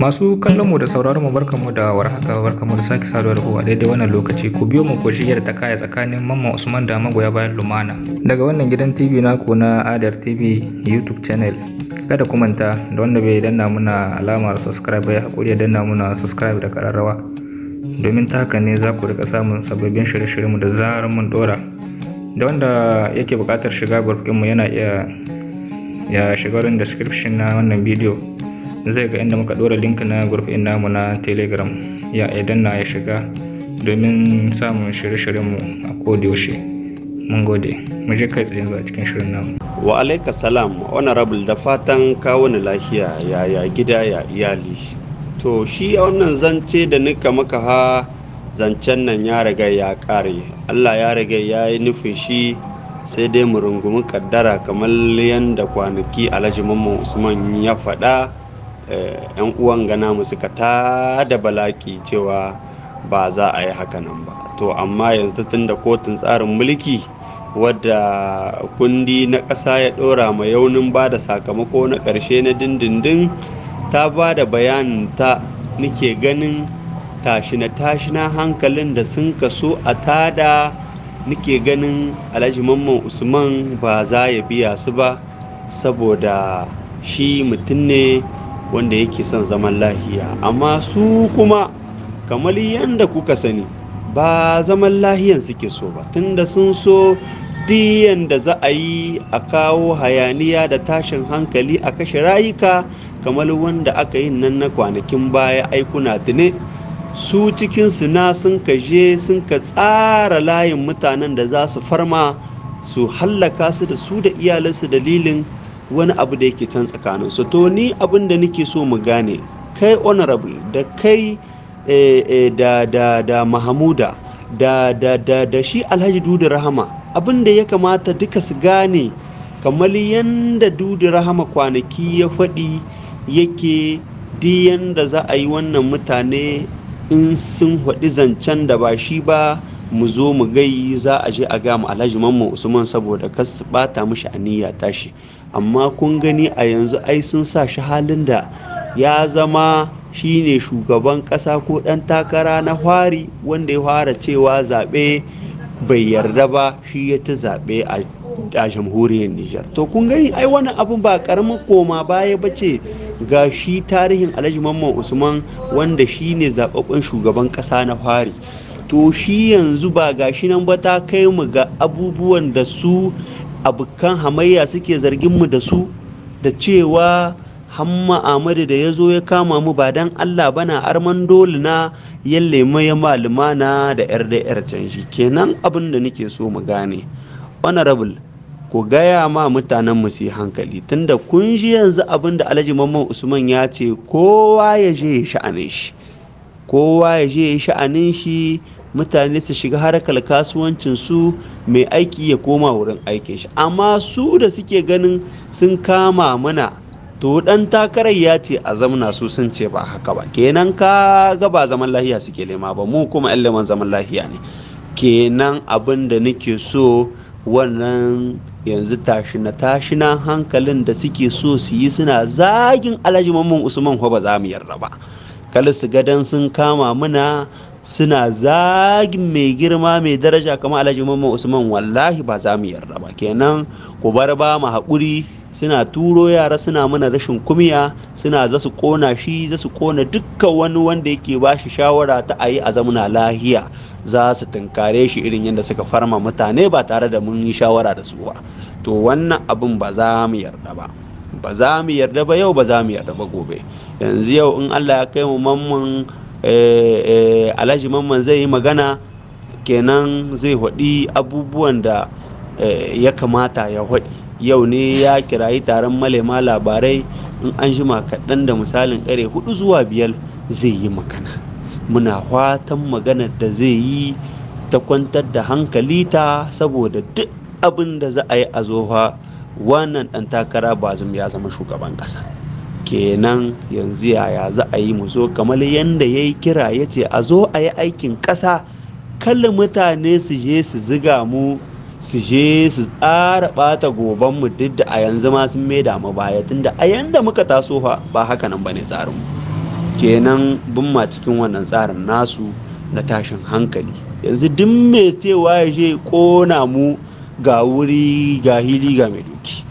masu kallon mu da sauraron mu barkamu da warhaka barkamu da sake saduwa da a daidai wannan lokaci ku biyo mu ko shigar ta kaya tsakanin mamma usman da magoya bayan lumana daga wannan gidan tv naku na adar tv youtube channel kada ku manta da wanda bai danna muna alamar subscribe ya hakuri ya danna muna subscribe da kararrawa domin ta haka ne za ku rika samun sababbin shirye-shiryenmu da zarar mun dora da wanda yake buƙatar shiga mu yana iya ya shiga wurin description na wannan bidiyo zai ga inda muka ɗora link na group namu na telegram ya idan na ya shiga domin samun shirye-shiryenmu a yaushe mun gode mu je kai tsaye a cikin shirin namu wa alaika salam honorable da fatan kawo ni lafiya yaya gida ya iyali to shi wannan zance da nika maka ha zancen nan ya riga ya kare allah ya riga ya yi nufin shi sai dai mu rungumi kaddara kamar yadda kwanaki alhaji mamman usman ya faɗa 'yan eh, uwan gana mu suka ta da balaki cewa ba za a yi haka nan ba to amma yanzu tun da kotun tsarin mulki wadda kundi na ƙasa ya ɗora ma yaunin ba da sakamako na ƙarshe na dindindin ta ba da bayanin ta nike ganin tashina tashina hankalin da sun kaso a tada nike ganin alhaji mamman usman ba za ya biya su ba saboda shi mutum ne wanda yake son zaman lahiya amma su kuma kamar yadda kuka sani ba zaman lahiyan suke so ba tunda sun so diyan da za a yi a kawo hayaniya da tashin hankali a kashe rayuka kamar wanda aka yi nan na kwanakin baya aikuna tune su cikinsu na sun kaje sun ka tsara layin mutanen da za su farma su hallaka su da su da iyalinsu dalilin wani abu da yake can tsakanin su to ni abin da nake so mu gane kai honorable da kai eh, eh, da da da mahamuda da shi alhaji dudu rahama abin da ya kamata duka su gane kamar yadda dudu rahama kwanaki ya faɗi yake diyan da za a yi wannan mutane in sun haɗi zancen da ba shi ba mu zo mu gai za a je a ga mu, alhaji mamman usman saboda kas bata mishi aniyya tashi amma kun gani a yanzu ai sun sa shi halin da ya zama shi ne shugaban ƙasa ko ɗan takara na hwari wanda ya fara cewa zaɓe bai yarda ba shi ya ta zaɓe a jamhuriyar Nijar. To kun gani ai wani abin ba karamin koma baya ba ce ga shi tarihin Alhaji Mamman Usman wanda shi ne zaɓaɓɓen shugaban ƙasa na hwari. to shi yanzu ba ga shi nan ba ta kai mu ga abubuwan da su abukan hamayya suke zargin mu da su da cewa hamma amadu da ya zo ya kama mu ba don allah bana arman dole na ya lema ya malama na da yar da yar can kenan abin da nake so mu gane honorable ku gaya ma mutanen mu su hankali tunda kun ji yanzu abin da alhaji mamman usman ya ce kowa ya je ya sha'anin shi kowa ya je ya sha'anin shi mutane su shiga harkar kasuwancin su mai aiki ya koma wurin aikin shi amma su da suke ganin sun kama mana to dan takarar ya ce a zamna su sun ce ba haka ba kenan ka ga ba zaman lahiya suke nema ba mu kuma yan leman zaman lahiya ne kenan abin da nake so wannan yanzu tashina tashina hankalin da suke so su yi suna zagin alhaji mamman usman ba za mu yarda ba kada su gadan sun kama muna suna zagin mai girma mai daraja kamar alhaji mamma usman wallahi ba za mu yarda ba kenan ku bar ba mu haƙuri suna turo yara suna muna rashin kumiya suna za su kona shi za su kona dukkan wani wanda yake ba shi shawara ta ayi a zamuna lahiya za su tunkare shi irin yadda suka farma mutane ba tare da mun yi shawara da su ba to wannan abin ba za mu yarda ba ba za mu yarda ba yau ba za mu yarda ba gobe yanzu yau in allah ya kai mu mamman eh, eh, alhaji mamman zai yi magana kenan zai haɗi abubuwan da eh, ya kamata ya haɗi yau ne ya kirayi taron malema labarai in an jima kaɗan da misalin ƙare hudu zuwa biyar zai yi magana muna fatan maganar da zai yi ta kwantar da hankali ta saboda duk abin da za a yi a zofa wannan ɗan takara ba bazum ya zama shugaban ƙasa kenan yanzu yaya za a yi mu zo kamar yadda ya kira ya ce a zo a yi aikin ƙasa kalli mutane su je su ziga mu su je su tsara ɓata mu, duk da a yanzu ma sun maida mu baya tunda a yanda muka taso ba haka nan bane tsarin mu. kenan bin ma cikin wannan tsarin nasu na tashin hankali yanzu duk mai cewa ya je ƙona mu ga wuri ga hili ga mai doki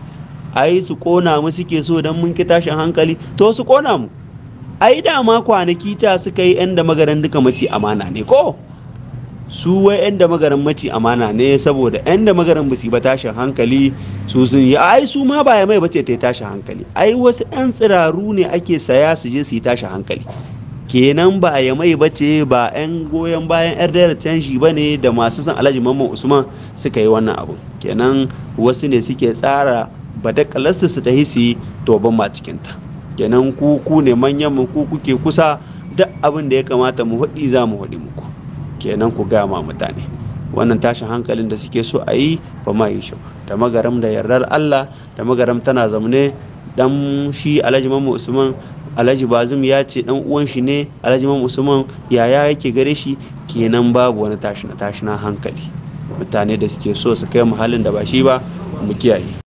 ai su kona mu suke so don mun ki tashin hankali to su kona mu ai dama kwanaki ta suka yi 'yan da magaran duka mace amana ne ko su wai 'yan da magaran mace amana ne saboda 'yan da magaran ba ba tashin hankali su sun yi ai su ma ba mai bace ta yi tashin hankali ai wasu 'yan tsiraru ne ake saya su je su yi tashin hankali kenan ba ya mai ce ba 'yan goyon bayan 'yar da canji ba ne da masu san alhaji mamman usman suka yi wannan abu kenan wasu ne suke tsara ba badakalarsu su ta hisi to ban ma cikinta kenan ku ne manyan mu ku kuke kusa da abin da ya kamata mu hudi za mu hudi muku kenan ku gama mutane wannan tashin hankalin da suke so a yi ba ma yi shi da magaram da yardar Allah da magaram tana zaune dan shi Alhaji Mamman Usman alhaji bazum ya ce ɗan uwan shi ne alhaji man usman yaya yake gare shi kenan babu wani tashi na tashi na hankali mutane da suke so su kai mu da ba shi ba mu kiyaye